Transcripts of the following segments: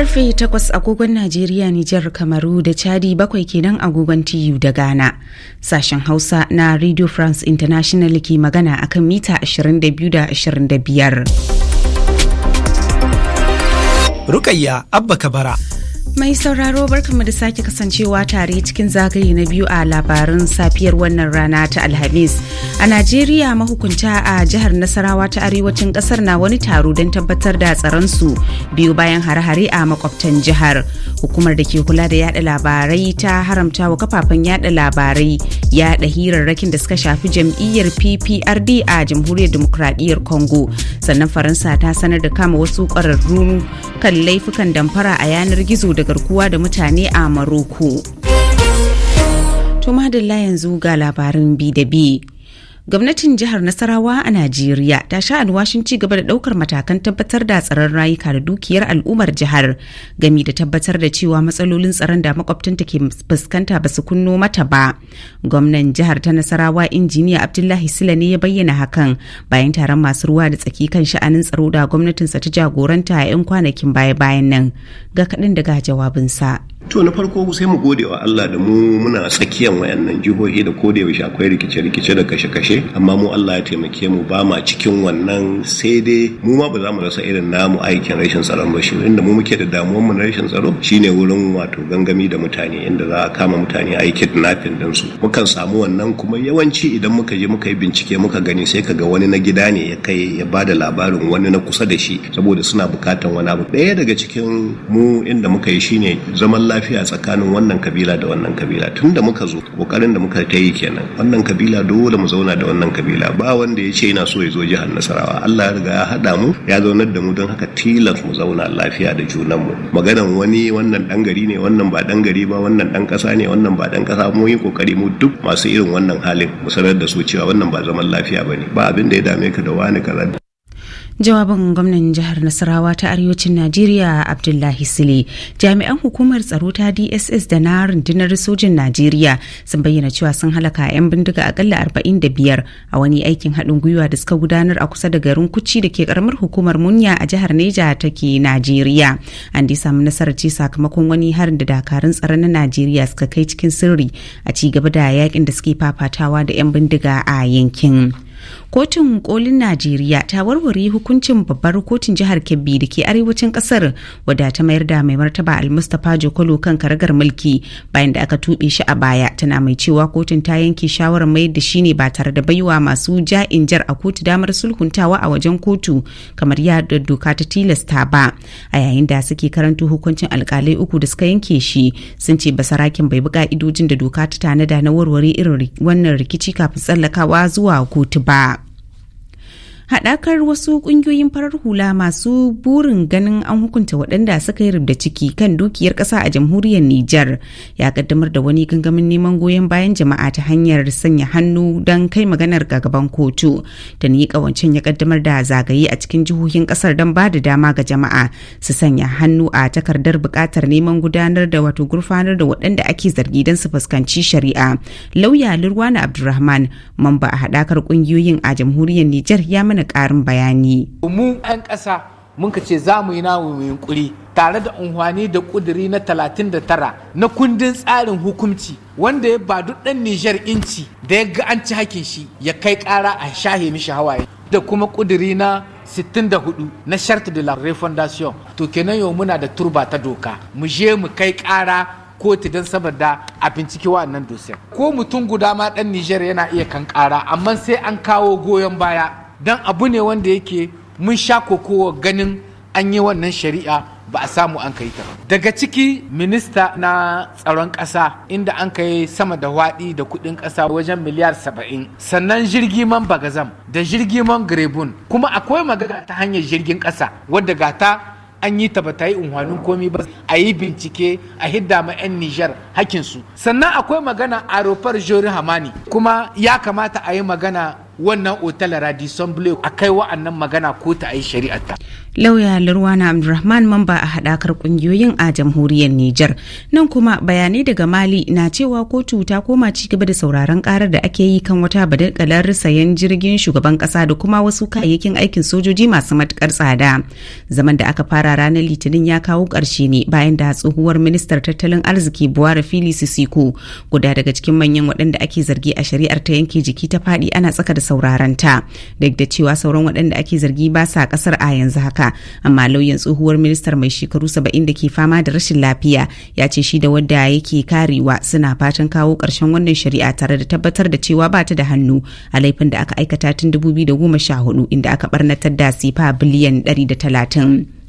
Karfe 8 agogon Najeriya Nijar Kamaru da Chadi bakwai kenan agogon TU da Ghana. Sashen Hausa na Radio France International ke magana akan mita 22 da 25. Rukayya Abba Kabara. Mai sauraro barkanmu da sake kasancewa tare cikin zagaye na biyu a labarin safiyar wannan rana ta Alhamis. A Najeriya mahukunta a jihar Nasarawa ta arewacin kasar na wani taro don tabbatar da tsaronsu biyu bayan hare-hare a makwabtan jihar. Hukumar da ke kula da yada labarai ta haramta wa kafafen yada labarai yada hirarrakin da suka shafi jam'iyyar PPRD a Jamhuriyar Demokradiyyar Congo. Sannan Faransa ta sanar da kama wasu ƙwararru kan laifukan damfara a yanar gizo da garkuwa da mutane a Maroko. To madalla yanzu ga labarin bi da bi. Gwamnatin jihar Nasarawa a Najeriya ta sha alwashin ci gaba da daukar matakan tabbatar da tsaron rayuka da dukiyar al'ummar jihar gami da tabbatar da cewa matsalolin tsaron da makwabtanta ke fuskanta ba su kunno mata ba. Gwamnan jihar ta Nasarawa injiniya Abdullahi Sila ne ya bayyana hakan bayan taron masu ruwa da tsaki kan sha'anin tsaro da gwamnatinsa ta jagoranta a 'yan kwanakin baya-bayan nan. Ga kaɗan daga jawabinsa. to na farko sai mu gode wa Allah da mu muna tsakiyar wayannan jihohi da koda yaushe akwai rikice-rikice da kashe-kashe amma mu Allah ya taimake mu ba ma cikin wannan sai dai mu ma ba za mu rasa irin namu aikin rashin tsaron ba shi inda mu muke da damuwar mu na rashin tsaro shine wurin wato gangami da mutane inda za a kama mutane a yi kidnapping din su mukan samu wannan kuma yawanci idan muka je muka yi bincike muka gani sai ka ga wani na gida ne ya kai ya ba da labarin wani na kusa da shi saboda suna bukatan wani abu Daya daga cikin mu inda muka yi shine zaman lafiya tsakanin wannan kabila da wannan kabila tun da muka zo kokarin da muka ta yi kenan wannan kabila dole mu zauna da wannan kabila ba wanda ya ce yana so ya zo jihar nasarawa allah ya riga ya haɗa mu ya zaunar da mu don haka tilas mu zauna lafiya da junan mu maganan wani wannan dan gari ne wannan ba dan gari ba wannan dan ƙasa ne wannan ba dan ƙasa mu yi kokari mu duk masu irin wannan halin mu sanar da su cewa wannan ba zaman lafiya ba ne ba abin da ya dame ka da wani kaza jawabin gwamnan jihar nasarawa ta arewacin najeriya abdullahi sile jami'an hukumar tsaro ta dss da na rundunar sojin najeriya sun bayyana cewa sun halaka 'yan bindiga akalla 45 a wani aikin haɗin gwiwa da suka gudanar a kusa da garin kuci da ke karamar hukumar munya a jihar neja take najeriya an dai samu nasarar ce sakamakon wani harin da dakarun tsaro na najeriya suka kai cikin sirri a ci gaba da yakin da suke fafatawa da 'yan bindiga a yankin. kotun kolin najeriya ta warware hukuncin babbar kotun jihar kebbi da ke arewacin kasar wadda ta mayar da mai martaba almustapha jokolo kan karagar mulki bayan da aka tuɓe shi a baya tana mai cewa kotun ta yanke shawarar mayar da shi ne ba tare da baiwa masu in jar a kotu damar sulhuntawa a wajen kotu kamar yadda doka ta tilasta ba a yayin da suke karantu hukuncin alkalai uku da suka yanke shi sun ce basarakin bai bi idojin da doka ta tanada na warware irin wannan rikici kafin tsallakawa zuwa kotu ba. haɗakar wasu ƙungiyoyin farar hula masu burin ganin an hukunta waɗanda suka yi rubda ciki kan dukiyar ƙasa a jamhuriyar Nijar ya ƙaddamar da wani gangamin neman goyon bayan jama'a ta hanyar sanya hannu don kai maganar ga gaban kotu. Ta ni ƙawancen ya kaddamar da zagaye a cikin jihohin ƙasar don ba da dama ga jama'a su sanya hannu a takardar buƙatar neman gudanar da wato gurfanar da waɗanda ake zargi don su fuskanci shari'a. Lauya Lurwana Abdulrahman, mamba a haɗakar ƙungiyoyin a jamhuriyar Nijar ya mana mana ƙarin bayani. Mu 'yan ƙasa mun ce za mu yi namu yunkuri tare da unhwani da ƙuduri na 39 na kundin tsarin hukunci wanda ya ba duk ɗan Nijar inci da ya ga an ci hakin shi ya kai ƙara a shahe mishi hawaye da kuma ƙuduri na 64 na sharta de la refondation to kenan yau muna da turba ta doka mu je mu kai ƙara kotu don saboda a binciki wa'annan dosiyar ko mutum guda ma ɗan Nijar yana iya kan ƙara amma sai an kawo goyon baya don abu ne wanda yake mun sha kokowa ganin an yi wannan shari'a ba a samu an kai ta daga ciki minista na tsaron ƙasa inda an kai sama da waɗi da kuɗin ƙasa wajen miliyar saba'in sannan jirgiman bagazam da jirgiman grebun kuma akwai magana ta hanyar jirgin ƙasa wadda gata an yi ta bata yi unhwanin komi ba a yi bincike a hidda ma 'yan nijar hakinsu sannan akwai magana a Rufar hamani kuma ya kamata a yi magana wannan otal radisson bleu a kai wa'annan magana ko ta shari'ar ta. lauya lurwana abdulrahman mamba a haɗakar ƙungiyoyin a jamhuriyar nijar nan kuma bayanai daga mali na cewa kotu ta koma ci gaba da sauraron karar da ake yi kan wata badakalar sayan jirgin shugaban ƙasa da kuma wasu kayayyakin aikin sojoji masu matuƙar tsada zaman da aka fara ranar litinin ya kawo ƙarshe ne bayan da tsohuwar ministar tattalin arziki buhari fili sisiko guda daga cikin manyan waɗanda ake zargi a shari'ar ta yanke jiki ta faɗi ana tsaka da sauraron ta duk da cewa sauran waɗanda ake zargi ba sa kasar a yanzu haka amma lauyan tsohuwar ministar mai shekaru saba'in da ke fama da rashin lafiya ya ce shi da wadda yake karewa suna fatan kawo ƙarshen wannan shari'a tare da tabbatar da cewa ba ta da hannu a laifin da aka aikata tun dubu biyu da goma sha hudu inda aka barnatar da sifa biliyan talatin.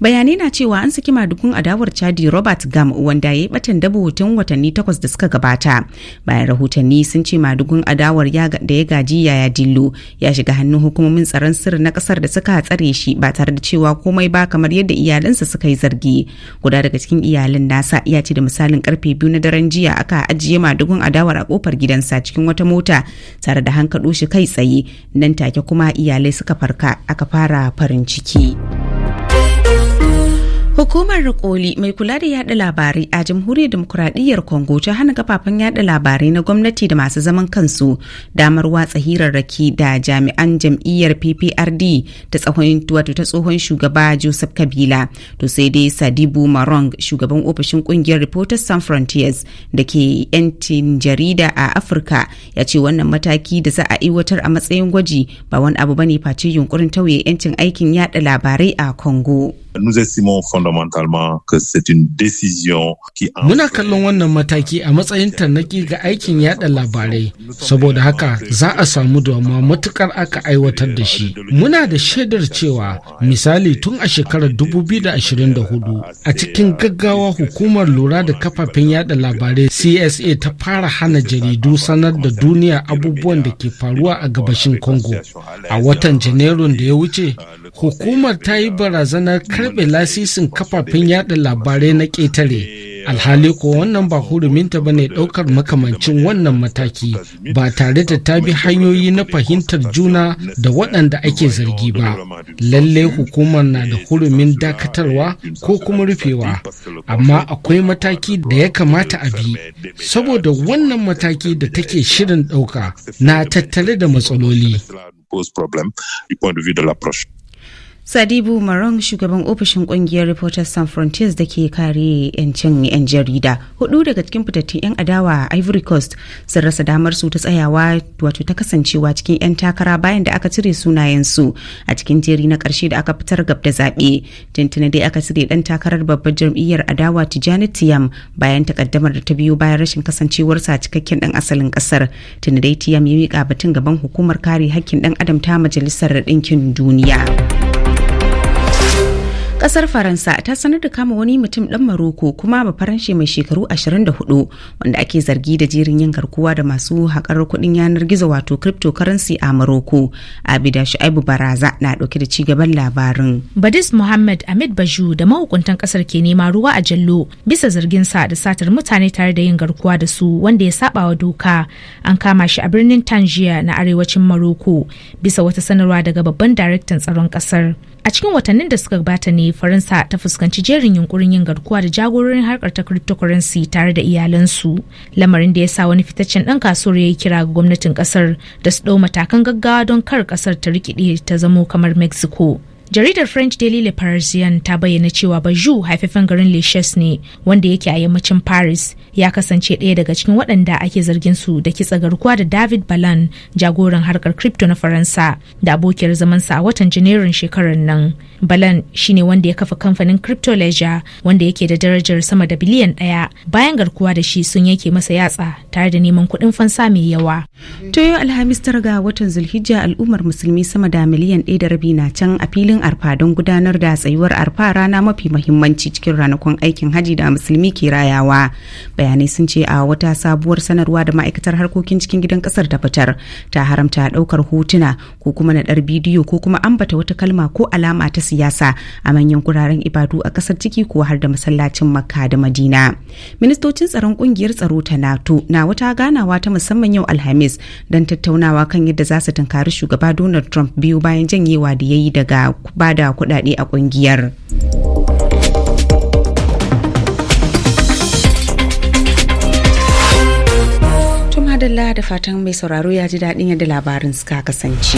bayanai na cewa an saki madukun adawar chadi robert gam wanda ya yi batan dabu tun watanni takwas da suka gabata bayan rahotanni sun ce madukun adawar da ya gaji yaya dillo ya shiga hannun hukumomin tsaron sir na kasar da suka tsare shi ba tare da cewa komai ba kamar yadda iyalansa suka yi zargi guda daga cikin iyalan nasa ya ce da misalin karfe biyu na daren jiya aka ajiye madukun adawar a kofar gidansa cikin wata mota tare da hankaɗo shi kai tsaye nan take kuma iyalai suka farka aka fara farin ciki. Hukumar Rikoli mai kula da yada labarai a Jamhuriyar Demokuraɗiyyar Congo ta hana kafafen yada labarai na gwamnati da masu zaman kansu damar watsa hirarraki da jami'an jam'iyyar PPRD ta tsohon wato ta tsohon shugaba Joseph Kabila. To sai dai Sadibu Marong shugaban ofishin kungiyar Reporters Sans Frontiers da ke yancin jarida a Afirka ya ce wannan mataki da za a aiwatar a matsayin gwaji ba wani abu bane face yunkurin tauye yancin aikin yada labarai a Congo. nous estimons fondamentalement que c'est une décision qui Muna kallon wannan mataki a matsayin tarnaƙi ga aikin yada labarai saboda haka za a samu damuwa matukar aka aiwatar da shi. Muna da shaidar cewa misali tun a shekarar 2024 a cikin gaggawa hukumar lura da kafafen yada labarai CSA ta fara hana jaridu sanar da duniya abubuwan da ke faruwa a gabashin Congo. A watan Janairun da ya wuce hukumar ta yi barazanar karbe lasisin kafafen yada labarai na ƙetare alhali ko wannan ba huruminta ba ne ɗaukar makamancin wannan mataki ba tare da ta bi hanyoyi na fahimtar juna da waɗanda ake zargi ba lalle hukumar na da hurumin dakatarwa ko kuma rufewa amma akwai mataki da ya kamata a bi saboda wannan mataki da take shirin ɗauka na tattare da matsaloli. Sadibu Marong shugaban ofishin kungiyar Reporters San Frontiers da ke kare 'yancin 'yan jarida. Hudu daga cikin fitattun 'yan adawa a Ivory Coast sun rasa damar su ta tsayawa wato ta kasancewa cikin 'yan takara bayan da aka cire sunayensu a cikin jeri na karshe da aka fitar gab da zaɓe. Tuntuna dai aka cire dan takarar babbar jam'iyyar adawa Tijani Tiyam bayan takaddamar da ta biyo bayan rashin kasancewarsa cikakken ɗan asalin ƙasar. Tuna dai Tiyam ya miƙa batun gaban hukumar kare hakkin ɗan adam ta Majalisar Ɗinkin Duniya. Kasar Faransa ta sanar da kama wani mutum dan Maroko kuma ba bafaranshe mai shekaru 24 wanda ake zargi da jerin yin garkuwa da masu haƙar kuɗin yanar gizo wato cryptocurrency a Maroko. Abida Shu'aibu Baraza na ɗauke da ci gaban labarin. Badis Muhammad Ahmed Baju da mahukuntan kasar ke nema ruwa a jallo bisa zargin sa da satar mutane tare da yin garkuwa da su wanda ya saba wa doka. An kama shi a birnin Tangier na arewacin Maroko bisa wata sanarwa daga babban daraktan tsaron kasar. a cikin watannin da suka gabata ne faransa ta fuskanci jerin yunkurin yin garkuwa da jagororin harkar ta cryptocurrency tare da iyalansu lamarin da ya sa wani fitaccen dan kasuwar ya yi kira ga gwamnatin kasar da su dau matakan gaggawa don kar kasar ta rikide ta zamo kamar mexico jaridar french daily le parisien ta bayyana cewa bajou haifafen garin leches ne wanda yake a yammacin paris ya kasance ɗaya daga cikin waɗanda ake zargin su da kitsa garkuwa da david balan jagoran harkar crypto na faransa da abokiyar sa a watan janairun shekarar nan balan shine wanda ya kafa kamfanin crypto ledger wanda yake da darajar sama da biliyan ɗaya bayan garkuwa da shi sun yake masa yatsa tare da neman kuɗin fansa mai yawa to alhamis tara ga watan zulhijja al'ummar musulmi sama da miliyan ɗaya da rabi na can a filin arfa don gudanar da tsayuwar arfa rana mafi mahimmanci cikin ranakun aikin haji da musulmi ke rayawa bayanai sun ce a wata sabuwar sanarwa da ma'aikatar harkokin cikin gidan kasar ta fitar ta haramta daukar hotuna ko kuma dar bidiyo ko kuma ambata wata kalma ko alama ta siyasa a manyan guraren ibadu a kasar ciki ko har da masallacin makka da madina ministocin tsaron kungiyar tsaro ta nato na wata ganawa ta musamman yau alhamis don tattaunawa kan yadda za su tunkari shugaba donald trump biyu bayan janyewa da ya yi daga bada kudade a kungiyar. Madalla da fatan mai sauraro ya ji daɗin yadda labarin suka kasance.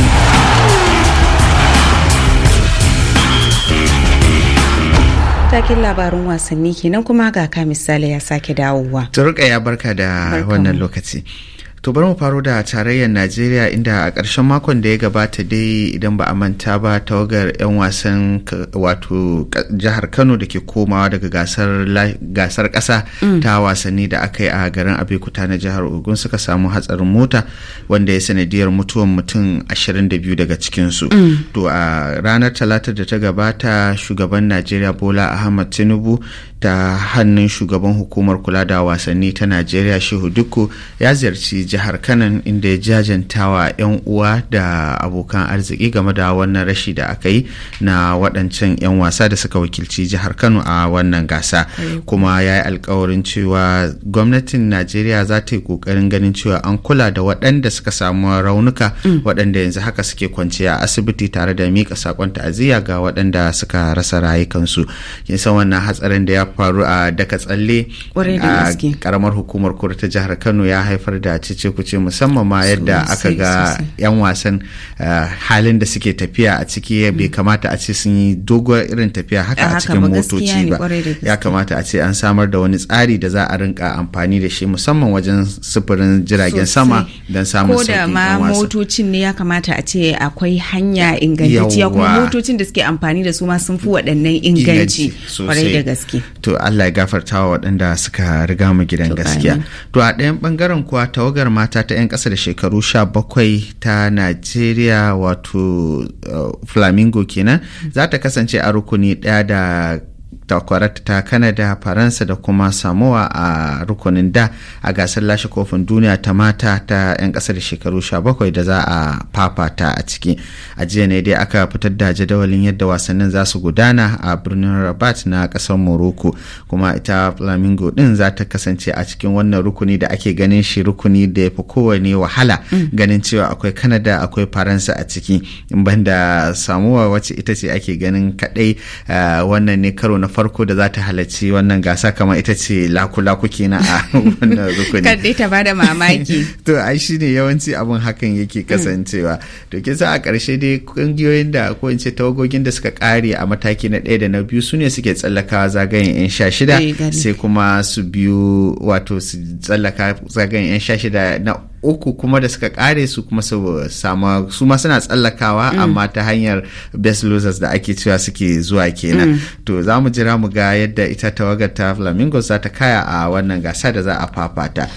takin labarin wasanni kenan kuma ga ka misali ya sake dawowa. Turuka ya barka da wannan lokaci. to bari mu faro da tarayyar najeriya inda a ƙarshen makon da ya gabata dai idan ba a manta ba tawagar 'yan wasan wato jihar kano da ke komawa daga gasar ƙasa mm. ta wasanni da aka yi a garin abekuta na jihar ogun suka samu hatsarin mota wanda ya sanadiyar mutuwan mutum biyu daga cikinsu mm. to a ranar talatar da ta gabata shugaban najeriya bola ahmad tinubu ta hannun shugaban hukumar kula da wasanni ta najeriya shehu dukku ya ziyarci jihar kano inda ya jajantawa 'yan uwa da abokan arziki game da wannan rashi da aka yi na waɗancan 'yan wasa da suka wakilci jihar kano a wannan gasa kuma ya yi alkawarin cewa gwamnatin najeriya za ta yi ƙoƙarin ganin cewa an kula da waɗanda suka samu raunuka mm. waɗanda yanzu haka suke kwanciya a asibiti tare da miƙa saƙon ta'aziyya ga waɗanda suka rasa rayukansu kin san wannan hatsarin da ya faru a daka tsalle a ƙaramar hukumar kura ta jihar kano ya haifar da cici kuce kuce musamman ma yadda aka ga 'yan wasan eh, halin da suke tafiya a ciki bai kamata a ce sun yi dogon irin tafiya haka a cikin motoci ba ya kamata a ce an samar da wani tsari da za a rinka amfani da shi musamman wajen sufurin jiragen sama don samun sauki ko da ma motocin ne ya kamata a ce akwai hanya inganci ya kuma motocin da suke amfani da su ma sun fi waɗannan inganci kwarai da gaske to Allah ya gafarta wa waɗanda suka riga mu gidan gaskiya to a ɗayan bangaren kuwa tawagar mata ta 'yan ƙasa da shekaru 17 ta Najeriya wato uh, Flamingo kenan za ta kasance a rukuni ɗaya da da kanada faransa da kuma samowa a rukunin da a gasar lashe kofin duniya ta mata ta 'yan kasar shekaru 17 da za a fafata a ciki a jiya ne dai aka fitar da jadawalin yadda wasannin za su gudana a birnin rabat na kasar morocco kuma ita flamingo din za ta kasance a cikin wannan rukuni da ake ganin shi rukuni da ya fi kowane wahala mm. ganin cewa akwai kanada akwai faransa a ciki banda samuwa wacce ita ce ake ganin kadai eh, wannan ne karo na farko da za ta halarci wannan gasa kamar ita ce lakulaku kenan a wannan rukuni kan ta bada mamaki to ai shi ne yawanci abin hakan yake mm. kasancewa to ke sa a ƙarshe dai ƙungiyoyin da ko in ce tawagogin da suka ƙare a mataki na ɗaya da na biyu su ne suke tsallakawa zagayen yan sha shida eh, sai kuma su biyu wato su tsallaka zagayen yan sha shida na uku kuma da suka kare su kuma su sama su ma suna tsallakawa mm. amma ta hanyar best losers da ake cewa suke zuwa kenan mm. to za mu jira mu ga yadda ita tawagar ta flamingo za ta kaya a wannan gasa da za a fafata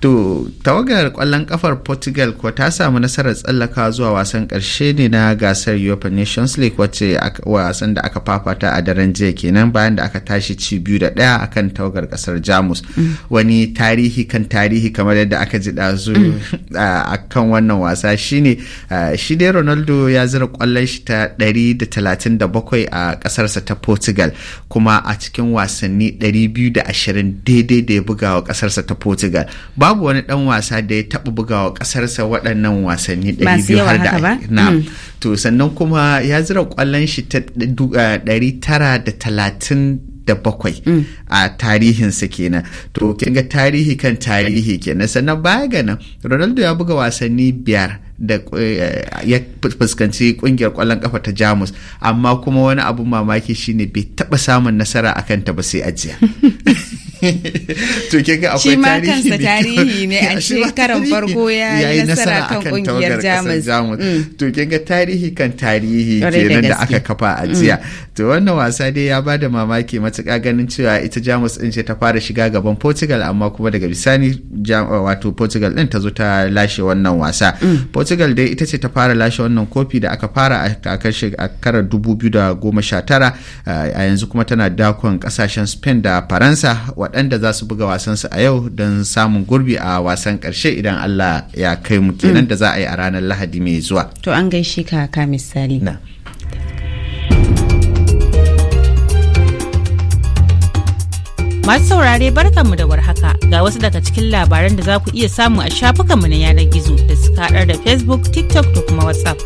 to tawagar kwallon kafar portugal ko ta samu nasarar tsallakawa zuwa wasan karshe ne na gasar europa nations league wacce wasan da aka fafata a daren jiya kenan bayan da aka tashi ci biyu da daya akan tawagar kasar jamus mm. wani tarihi kan tarihi kamar yadda aka ji dazu a kan wannan wasa shine shi dai ronaldo ya zira kwallon shi ta 137 a kasarsa ta portugal kuma a cikin wasanni 220 daidai da ya bugawa kasarsa ta portugal babu wani dan wasa da ya taba bugawa kasarsa waɗannan wasanni 200 har da na mm. to sannan kuma ya zira kwallon shi ta 930 eh, da bakwai mm. a tarihinsa kenan to kin ga tarihi kan tarihi kenan sannan baya ga nan ronaldo ya buga wasanni biyar da eh, ya fuskanci kungiyar kwallon kafa ta jamus amma kuma wani abun mamaki shine bai taba samun nasara akan ta ba sai ajiya to akwai tarihi shi ma kansa tarihi ne a shekarar farko ya yi nasara kan kungiyar mm. jamus to tarihi kan tarihi kenan da aka kafa a mm. jiya to wannan wasa dai ya bada mamaki matuƙa ganin cewa ita jamus din ce ta fara shiga gaban portugal amma kuma daga bisani wato portugal din ta zo ta lashe wannan wasa mm. portugal dai ita ce ta fara lashe wannan kofi da aka fara a karar 2019 eh, a yanzu kuma tana dakon kasashen spain da faransa waɗanda za su buga wasansu a yau don samun gurbi a wasan ƙarshe idan Allah ya kai mu kenan mm. da za a yi a ranar Lahadi mai zuwa. To an gaishe ka ka misali. Na. Masu saurare barkanmu da warhaka ga wasu daga cikin labaran da za ku iya samu a shafukanmu na yanar gizo da suka da Facebook, TikTok da kuma WhatsApp.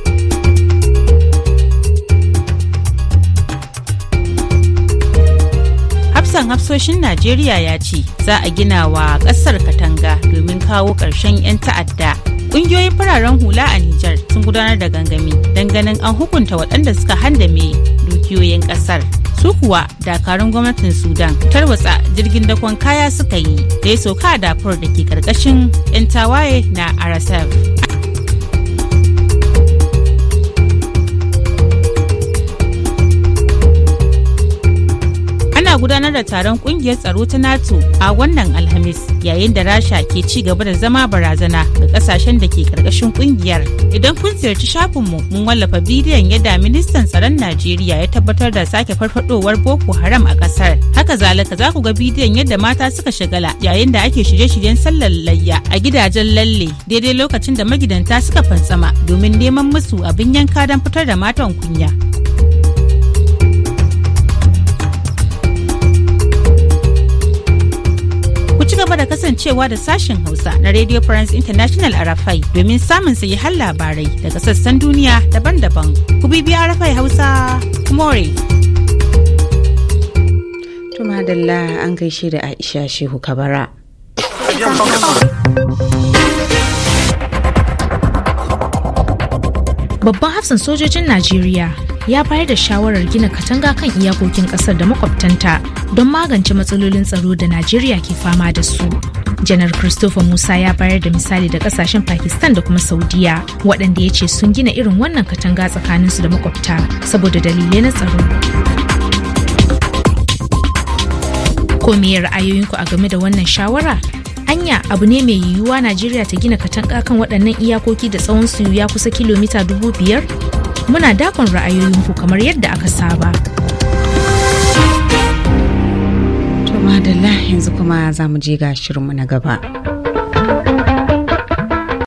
Ministan hafsoshin najeriya ya ce za a gina wa ƙasar katanga domin kawo ƙarshen 'yan ta'adda Ƙungiyoyin fararen hula a Nijar sun gudanar da gangami don ganin an hukunta waɗanda suka handame dukiyoyin ƙasar. Su kuwa dakarun gwamnatin Sudan tarwatsa jirgin dakon kaya suka yi da ya sauka a dafur da ke ƙarƙashin 'yan tawaye na RSF. ana gudanar da taron kungiyar tsaro ta NATO a wannan Alhamis yayin da Rasha ke ci gaba da zama barazana ga kasashen da ke karkashin kungiyar. Idan kun ziyarci shafinmu mun wallafa bidiyon yadda ministan tsaron Najeriya ya tabbatar da sake farfadowar Boko Haram a kasar. Haka zalika za ku ga bidiyon yadda mata suka shagala yayin da ake shirye-shiryen sallar layya a gidajen lalle daidai lokacin da magidanta suka fantsama domin neman musu abin yanka don fitar da matan kunya. gaba da kasancewa da sashen Hausa na Radio France International a Rafai domin samun har labarai daga sassan duniya daban-daban. Ku bibiya Rafai Hausa, Kumore. an gaishe da Aisha Shehu Kabara. Babban hafsan sojojin Najeriya ya bayar da shawarar gina katanga kan iyakokin kasar da makwabtanta don magance matsalolin tsaro da najeriya ke fama da su janar christopher musa ya bayar da misali da kasashen pakistan da kuma saudiya waɗanda ya ce sun gina irin wannan katanga tsakaninsu da makwabta saboda dalilai na tsaro ko me ra'ayoyinku a game da wannan shawara anya abu ne mai yiwuwa najeriya ta gina katanga kan waɗannan iyakoki da tsawon su ya kusa kilomita dubu biyar muna dakon ra'ayoyinku kamar yadda aka saba. To madalla yanzu kuma za mu je ga shirinmu na gaba.